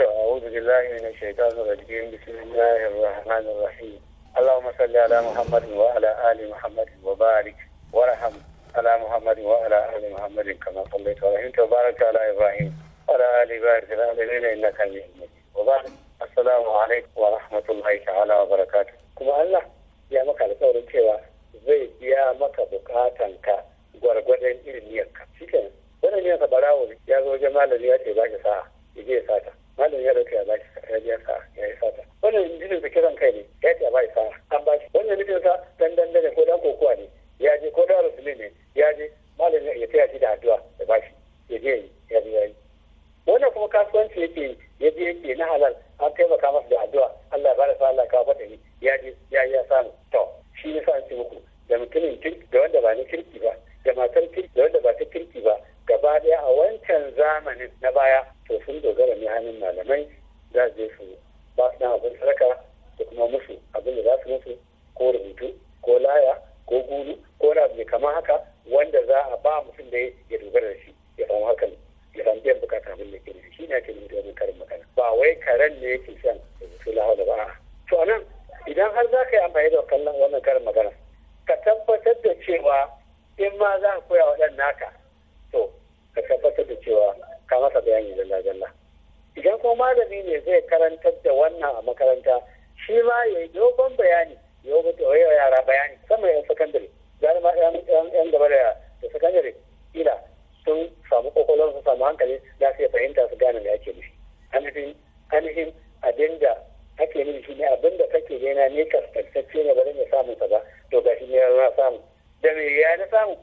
S13: Allahumma salli ala Muhammad wa ala ali Muhammad wa barik ala Muhammad wa ala ali Muhammad kama salli ta wa ala ali barik ta ala ilina inna kan yi ne. Wa ba wa rahmatullahi ta ala Kuma Allah ya maka da cewa zai biya maka bukatan ka gwargwadon irin miyanka. Shi ke nan, wani barawo ya zo wajen malami ya ke ba ki sa'a, ya je ya sa ta. malam ya dauka ya ba ya biya sa ya yi sata wannan mijin da kiran kai ne ya ce ba ya sa an ba shi wannan mijin sa dan dan dan ko dan kokowa ne ya je ko dan rasulun ne ya je malam ya taya shi da addu'a ya ba shi ya je ya je ya yi wannan kuma kasuwanci yake yi ya je yake na halal an taimaka masa da addu'a Allah ya ba da sa Allah kawo fata ne ya je ya yi ya samu to shi ne sa an ce muku da mutumin kirki da wanda ba na kirki ba da matar kirki da wanda ba ta kirki ba gaba ɗaya a wancan zamanin na baya to sun dogara ne hannun malamai za su je su ba su dan abin sarka da kuma musu abin da za su musu ko rubutu ko laya ko guru ko wani abu kama haka wanda za a ba mutum da ya dogara da shi ya samu hakan ya samu biyan bukata abin da ke da shi ne ake da wani karin magana ba wai karen ne yake shan su lahaula ba to anan idan har za ka yi amfani da kallon wannan karin magana ka tabbatar da cewa in ma za a koya wa ɗan naka to ka tabbatar da cewa ka masa bayani da idan kuma malami ne zai karantar da wannan a makaranta shi ma ya yi dogon bayani ya yi yara bayani sama yan sakandare zan ma yan gaba da sakandare ila sun samu kokolon su samu hankali za su fahimta su gane me ake nufi ainihin ainihin abin da ake nufi shi ne abin da kake na ne kaskantacce ne ba zan iya samun sa ba to ga shi ne ya samu da me ya na samu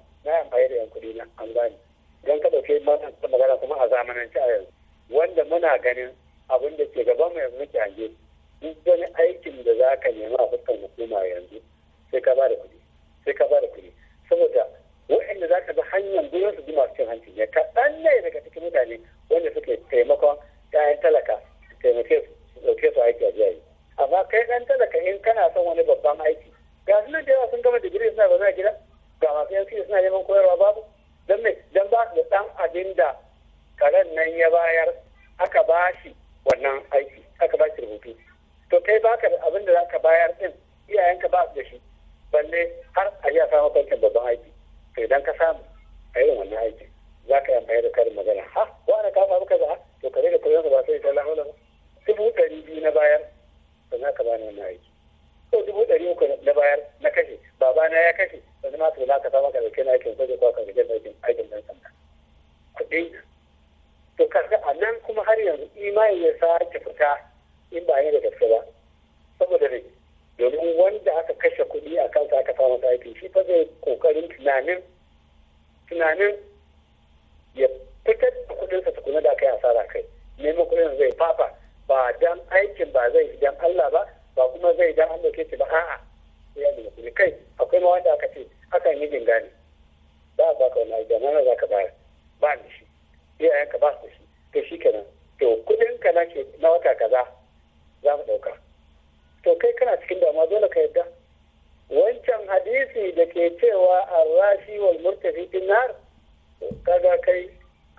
S13: kai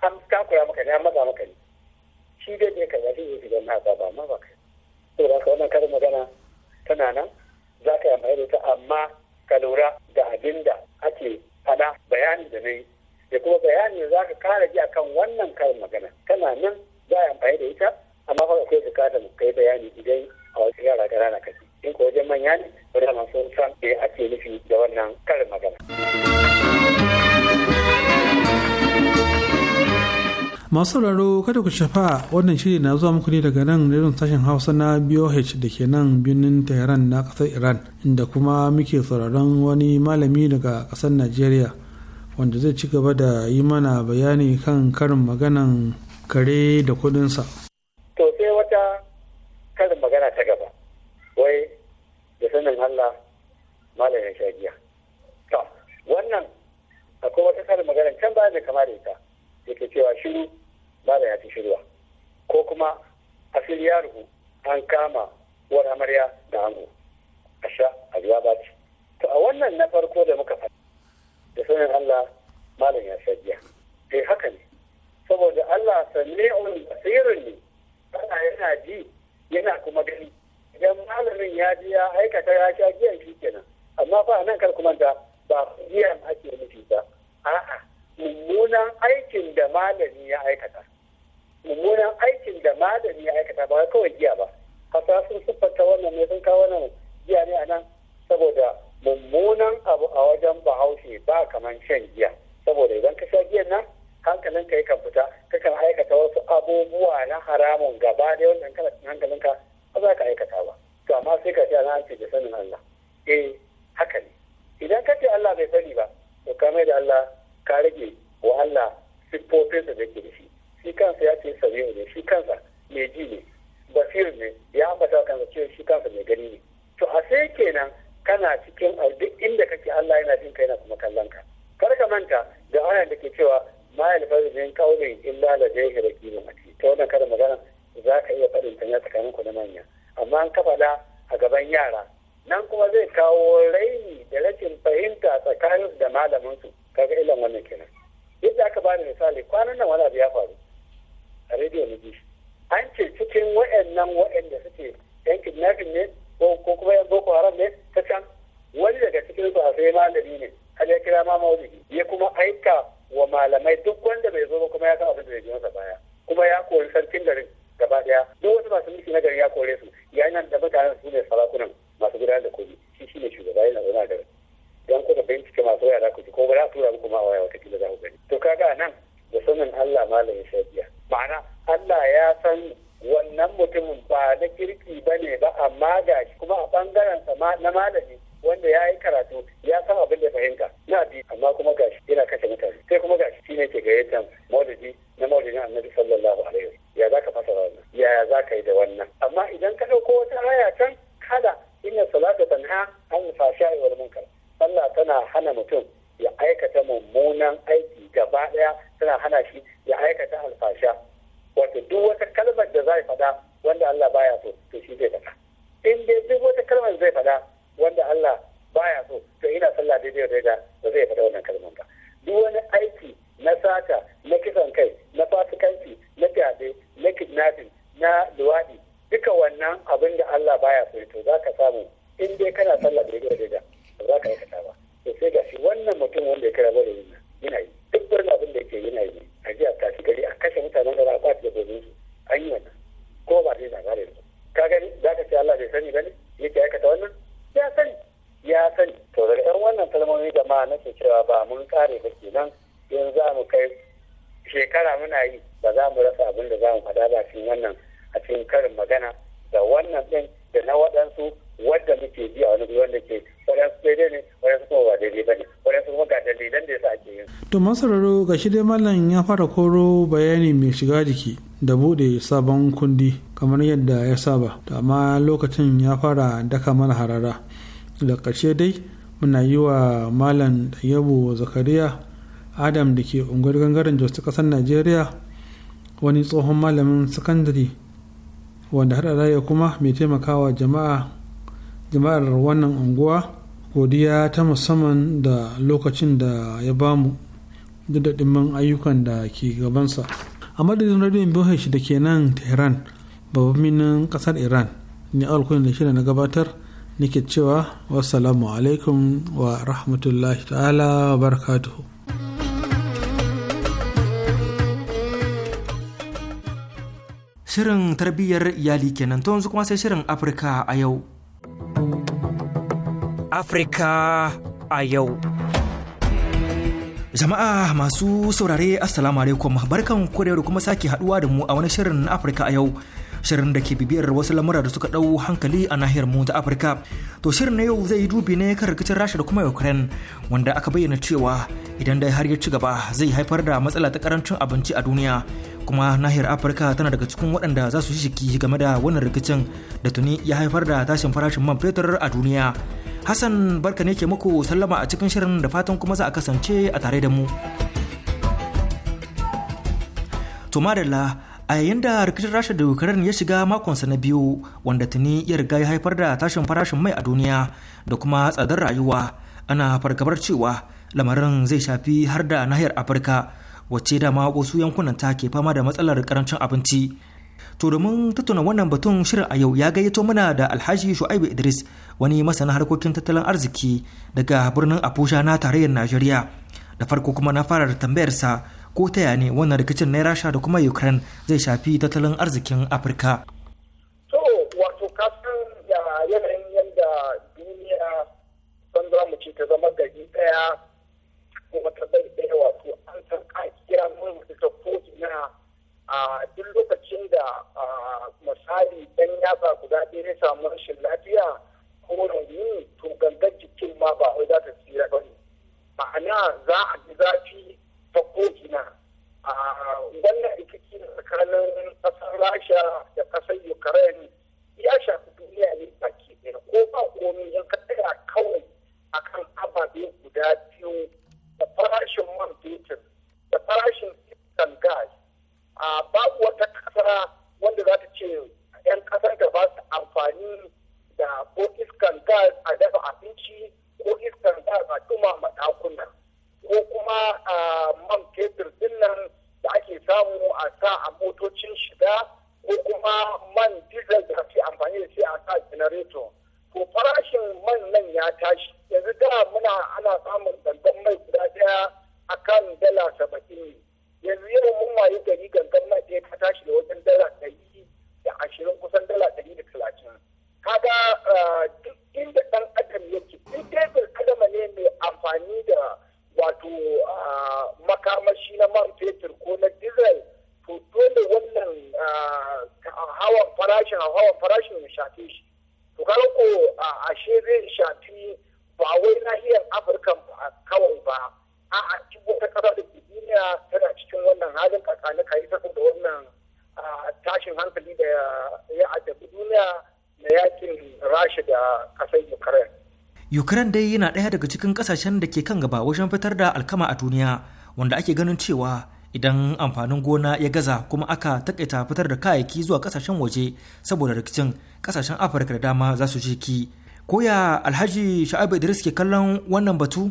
S13: an takura maka ne an maza maka ne shi dai ne kai wajen yi don haka ba ma ba kai da wannan karin magana tana nan za ka yi amfani da ita amma ka lura da abin da ake fada bayani da na da kuma bayani da za ka kara ji akan wannan karin magana tana nan za a yi amfani da ita amma fa ka kada ka yi bayani idan a wasu yara ƙanana kaji in ko wajen manya ne wani masu san ke ake nufi da wannan karin
S14: magana.
S12: masu sauraro kada ku shafa wannan shiri na zuwa muku ne daga nan rerun sashen hausa na boh da ke nan birnin tehran na kasar iran inda kuma muke sauraron wani malami daga kasar najeriya wanda zai ci gaba da yi mana bayani kan karin maganan kare da kudinsa to
S13: sai wata karin magana ta gaba wai da sanin allah malamin shagiya to wannan akwai wata karin magana can ba da kama da ita da ke cewa shiru baba ya fi shirwa ko kuma asir yaruhu an kama uwar amarya da hango a sha a biya ba ci to a wannan na farko da muka faɗi da sanin Allah malam ya sajiya eh haka ne saboda Allah sanne on basirin ne Allah yana ji yana kuma gani idan malamin ya ji ya aikata ya sha giyan shi kenan amma fa nan kar kuma da ba giyan ake nufi ba a'a mummunan aikin da malami ya aikata mummunan aikin da malami ya aikata ba kawai giya ba hasa sun siffanta wannan ne sun kawo nan giya ne a nan saboda mummunan abu a wajen bahaushe ba kamar shan giya saboda idan ka sha giyan nan hankalin ka yakan fita kakan aikata wasu abubuwa na haramun gaba da wannan kana hankalinka ba za ka aikata ba to amma sai ka ce na ce da sanin Allah eh haka ne idan ka ce Allah bai sani ba to ka mai da Allah ka rage wa Allah siffofinsa da ke da shi shi kansa ya ce sabiu ne shi kansa mai ji ne basir ne ya ambata kansa cewa shi kansa mai gani ne to a sai kenan kana cikin duk inda kake Allah yana jin ka yana kuma kallon ka kar ka manta da ayan da ke cewa ma yalfazu min qawlin illa ladayhi raqibun atid ta wannan kada magana za ka iya faɗin tanya tsakanin ku na manya amma an kafa da a gaban yara nan kuma zai kawo raini da rashin fahimta tsakanin da malamin su kaga ilan wannan kenan yadda aka bani misali kwanan nan wani abu ya faru radiology an ce cikin wa'annan wa'anda suke yan kidnapping ne ko kuma yan boko haram ne ta can wani daga cikin su a sai malami ne a ya kira ma maulidi ya kuma aika wa malamai duk wanda bai zo ba kuma ya san abin da zai masa baya kuma ya kori sarkin garin gaba daya duk wasu masu mulki na garin ya kore su yayin da mutanen su ne sarakunan masu gudanar da kuɗi shi ne shugaba yana zama da don kuka bincike masu waya za ku ji ko ba za ku tura muku ma waya wata kila za ku gani to kaga nan da sanin Allah malamin shafiya ma'ana Allah ya san wannan mutumin ba na kirki ba ne ba amma ga kuma a ɓangarensa na malami wanda ya yi karatu ya san abin da fahimta na bi amma kuma gashi yana kashe mutane sai kuma gashi shine ke gayyatar maulidi na maulidin annabi sallallahu alaihi wa. ya za ka fasa wannan yaya za ka yi da wannan amma idan ka ɗauko wata aya can kada ina salatu tanha an fasha'i wal munkar sallah tana hana mutum ya aikata mummunan aiki gaba ɗaya tana hana shi ya aikata alfasha wato duk wata kalmar da zai faɗa wanda Allah baya so to shi zai faɗa in dai duk wata kalmar zai faɗa wanda Allah baya so to ina sallah daidai da da ba zai faɗa wannan kalmar ba duk wani aiki na sata na kisan kai na fasikanci na fyaɗe na kidnapping na luwaɗi duka wannan abin da Allah baya so to za ka samu in dai kana sallah daidai da da ba za ka aikata ba to sai ga shi wannan mutum wanda ya kira bari yana yi duk wani abin da yake yana yi a jiya ta shi gari a kashe mutanen da za a kwace da gobe su an yi wannan ko ba zai labarin su ka gani za ka ce Allah bai sani ba ne yake aikata wannan ya sani ya sani to daga ɗan wannan kalmomi jama'a nake cewa ba mun kare ba ke nan in za mu kai shekara muna yi ba za mu rasa abin da za mu faɗa ba cikin wannan a cikin karin magana da wannan ɗin da na waɗansu wadda muke ji a wani wanda ke waɗansu daidai ne waɗansu ba daidai ba ne waɗansu kuma ga dalilan da ya sa ake yin.
S12: to masararo ga shi dai mallam ya fara koro bayani mai shiga jiki da buɗe sabon kundi kamar yadda ya saba to amma lokacin ya fara daka mana harara da ƙarshe dai muna yi wa malam yabo zakariya adam da ke unguwar gangaren jos ta ƙasar najeriya wani tsohon malamin sakandare wanda har raya kuma mai taimakawa jama'a jama'ar wannan unguwa godiya ta musamman da lokacin da ya bamu duk da ɗimman ayyukan da ke gabansa a madadin radiyon bohesh da ke nan tehran babban minin ƙasar iran ne alkunin da shida na gabatar nake cewa wassalamu alaikum wa rahmatullahi ta'ala wa barakatuhu
S2: shirin tarbiyyar iyali kenan to yanzu kuma sai shirin afirka a yau Afirka a yau. Jama'a masu saurare Assalamu alaikum barkan ku da kuma sake haduwa da mu a wani shirin Afirka a yau. Shirin da ke bibiyar wasu lamura da suka ɗau hankali a nahiyar mu ta Afirka. To shirin na yau zai yi dubi ne kan rikicin Rasha da kuma Ukraine wanda aka bayyana cewa idan dai har ya ci gaba zai haifar da matsala ta karancin abinci a duniya. Kuma nahiyar Afirka tana daga cikin waɗanda za su shiki game da wannan rikicin da tuni ya haifar da tashin farashin man fetur a duniya. Hassan barka ne ke muku sallama a cikin shirin da fatan kuma za a kasance a tare da mu. To madalla a yayin da rikicin rasha da ukraine ya shiga makonsa na biyu wanda tuni ya riga ya haifar da tashin farashin mai a duniya da kuma tsadar rayuwa ana fargabar cewa lamarin zai shafi har da nahiyar afirka wacce dama wasu yankunan ta ke fama da matsalar karancin abinci To domin tattauna wannan batun shirin a yau ya gayyato mana da Alhaji Shu'aibu Idris wani masanin harkokin tattalin arziki daga birnin Abuja na tarayyar Najeriya. Da farko kuma na fara da tambayarsa ko ta yane wannan rikicin na Rasha da kuma Ukraine zai shafi tattalin arzikin Afirka.
S7: To wato kasan da yanayin yadda duniya san za mu ce ta zama gari daya kuma ta zai daya wato an san a da ko a duk lokacin da misali ɗan yatsa guda ɗaya ya samu rashin lafiya ko rauni to gangan jikin ma ba wai za ta tsira ba ne ma'ana za a ji zafi ta ko'ina a wannan rikici tsakanin ƙasar rasha da ƙasar ukraine ya shafi duniya ne baki ɗaya ko ba komi in ka tsaya kawai akan ababe guda biyu da farashin man fetur da farashin iskan gas A babu wata kasa wanda za ta ce 'yan ƙasar da ba su amfani da ko iskan gas a dafa abinci ko iskan gas a dumama ɗakuna ko kuma a man fetur dinnan da ake samu a sa a motocin shiga ko kuma man diesel da ake amfani da shi a sa generator to farashin man nan ya tashi yanzu da muna ana samun dandan mai guda ɗaya akan dala saba'in
S2: Ukraine dai yana ɗaya daga cikin ƙasashen da ke kan gaba wajen fitar da alkama a duniya wanda ake ganin cewa idan amfanin gona ya gaza kuma aka takaita fitar da kayayyaki zuwa ƙasashen waje saboda rikicin ƙasashen Afirka da dama za su je ki. Koya Alhaji Sha'abu Idris ke kallon wannan batu?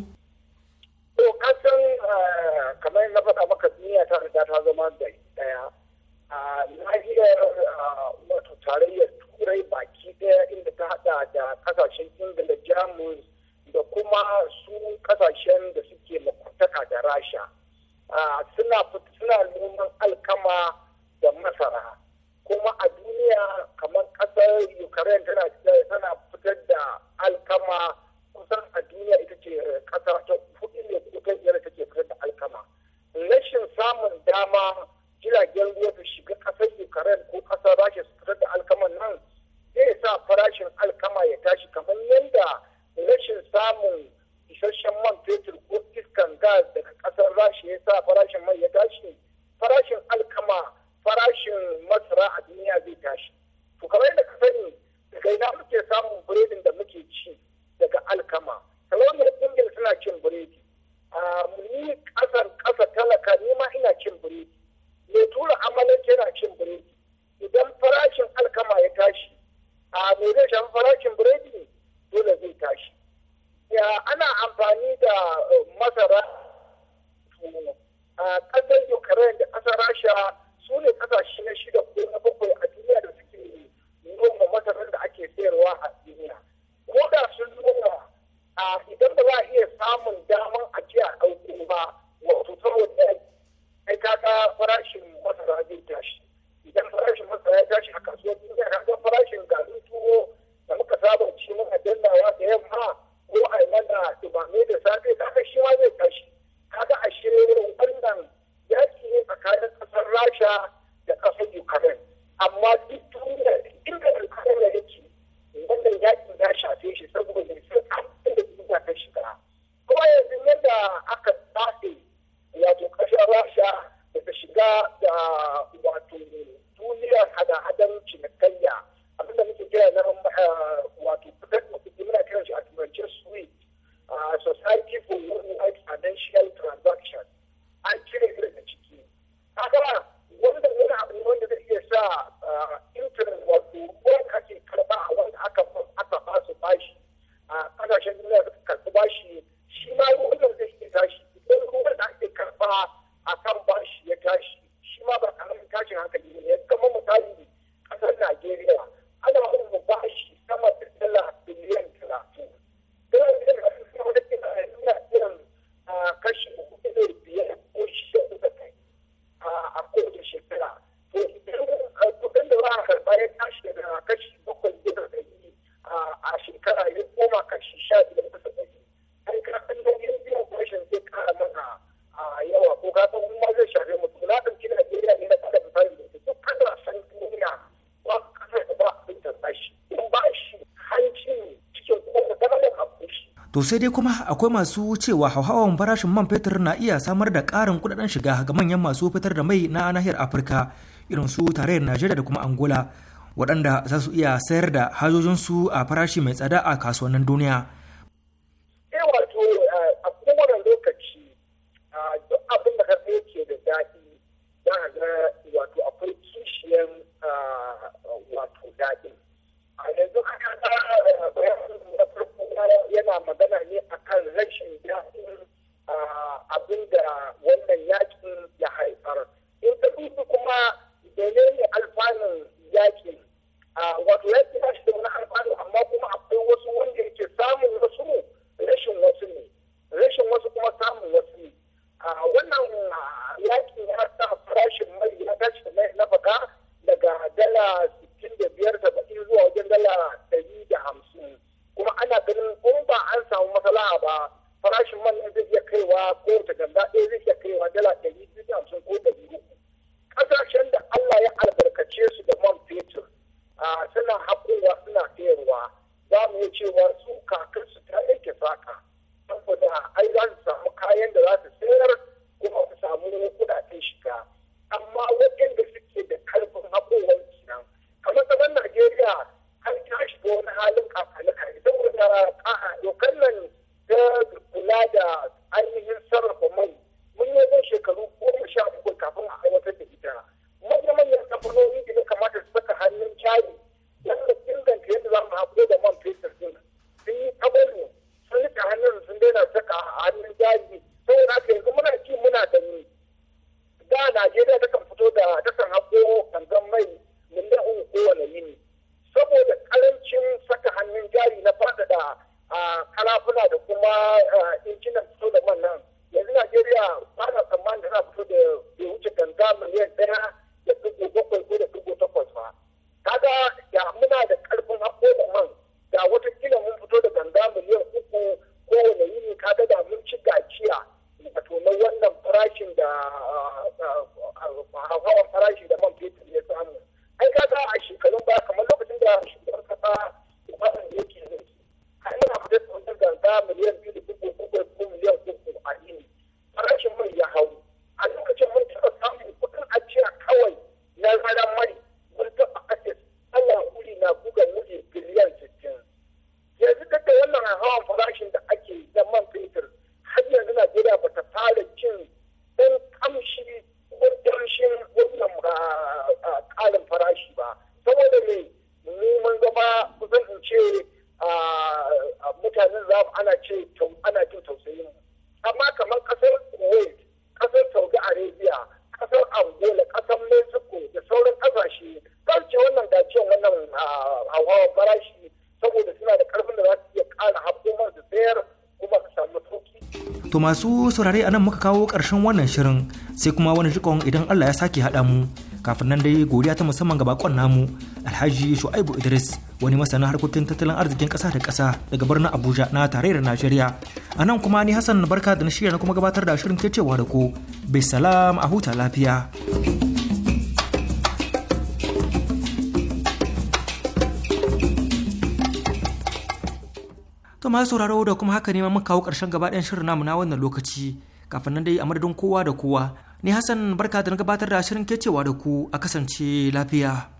S7: kamar yadda rashin samun isasshen man fetur ko iskan gas daga kasar rashi ya sa farashin mai ya tashi farashin alkama farashin masara a duniya zai tashi to kamar yadda ka sani daga ina muke samun biredin da muke ci daga alkama talaunin ingil suna cin biredi ni kasan kasa talaka ni ma ina cin biredi mai tura amalin yana cin biredi idan farashin alkama ya tashi a mai zai shafi farashin biredi dole zai tashi ya ana amfani da eh, masara a ƙasar ukraine da ƙasar rasha su ne ƙasashe na shida ko na bakwai a duniya da suke noma masarar da ake sayarwa a duniya ko da sun noma idan ba za a iya samun daman a ce a ɗauko ba wato saboda ai kaga farashin masara zai tashi idan farashin masara ya tashi a kasuwar duniya kaga farashin garin tuwo da muka saba ci muna dannawa da yamma ko a mana dumame da safe kaga shi ma zai tashi kaga a shirin wannan yaki ne tsakanin ƙasar rasha da kasar ukraine amma duk duniya da ukraine yake wannan yakin ya shafe shi saboda ya san abin da duniya ta shiga kuma yanzu yadda aka tsafe wato ƙasar rasha da ta shiga da wato duniyar hada-hadan cinikayya abinda da muke kira na ah, wato fitar da kuɗi a turance sweet ah, an cire daga ciki haka wanda wani abu ne iya sa ah, internet wato wanda ake karɓa a wanda aka aka bashi a ƙasashen duniya suka bashi shi ma wannan tashi idan ruwan da ake karɓa a kan bashi ya tashi
S2: To sai dai kuma akwai masu cewa hauhawan farashin man fetur na iya samar da ƙarin kudaden shiga ga manyan masu fitar da mai na nahiyar Afirka irin su tarayyar Najeriya da kuma Angola waɗanda za su iya sayar da hajojinsu a farashi mai tsada a kasuwannin duniya.
S7: su kakarsu ta yanke saka saboda ai za su samu kayan da za su sayar kuma su samu kudaden shiga amma waɗanda suke da karfin haƙowar kina kamar zaman najeriya har ta shiga wani halin kakalika idan wata dokar nan ta kula da ainihin sarrafa mai mun yi zan shekaru goma sha uku kafin a aiwatar da ita manya-manyan kamfanoni da ya kamata su saka hannun cari don da inganta yadda za mu haƙo da man fetur din sun yi kabarin sun rika hannun sun daina saka a hannun jari saboda haka yanzu muna ci muna da ni da najeriya ta kan fito da ta kan hako kanzan mai miliyan uku kowane yini saboda karancin saka hannun jari na faɗaɗa da kalafuna da kuma injinan fito da man nan yanzu najeriya ba na tsammanin tana fito da ya wuce ganga miliyan ɗaya da dubu bakwai ko da dubu takwas ba kaga ya muna da ƙarfin hako da man da watakila mun fito da ganga miliyan uku kowane yini ka da mun ci gaciya wato na wannan farashin da hawan farashin da man fetur ya samu ai ga a shekarun ba kamar lokacin da shugaban kasa wannan da yake zai a ina fitar da wannan ganga miliyan biyu da dubu uku miliyan uku a yini farashin mai ya hau a lokacin mun taɓa samun kuɗin ajiya kawai na ranar mai mun taɓa kashe Allah kuri na buga muje biliyan yanzu duk wannan hawan farashin da ake da man fetur har yanzu na najeriya ba ta fara cin ɗan kamshi ko ƙarshen wannan ƙarin farashi ba saboda me mu mun zama kusan in ce mutanen za ana ce ana jin tausayin mu amma kamar ƙasar kuwait ƙasar saudi arabia ƙasar abu
S2: To masu saurare anan muka kawo ƙarshen wannan shirin sai kuma wani jikon idan Allah ya sake haɗa mu kafin nan dai godiya ta musamman ga bakon namu Alhaji Shu'aibu Idris wani masana harkokin tattalin arzikin ƙasa da ƙasa daga birnin Abuja na tarayyar Najeriya. anan kuma ni Hassan Barka da na shirya na kuma gabatar da shirin ke cewa da ku. Bisalam a huta lafiya. masu sauraro da kuma haka ne muka kawo ƙarshen gaba ɗayan shirin namu na wannan lokaci kafin nan dai a madadin kowa da kowa ni Hassan barka da na gabatar da shirin kecewa da ku a kasance lafiya.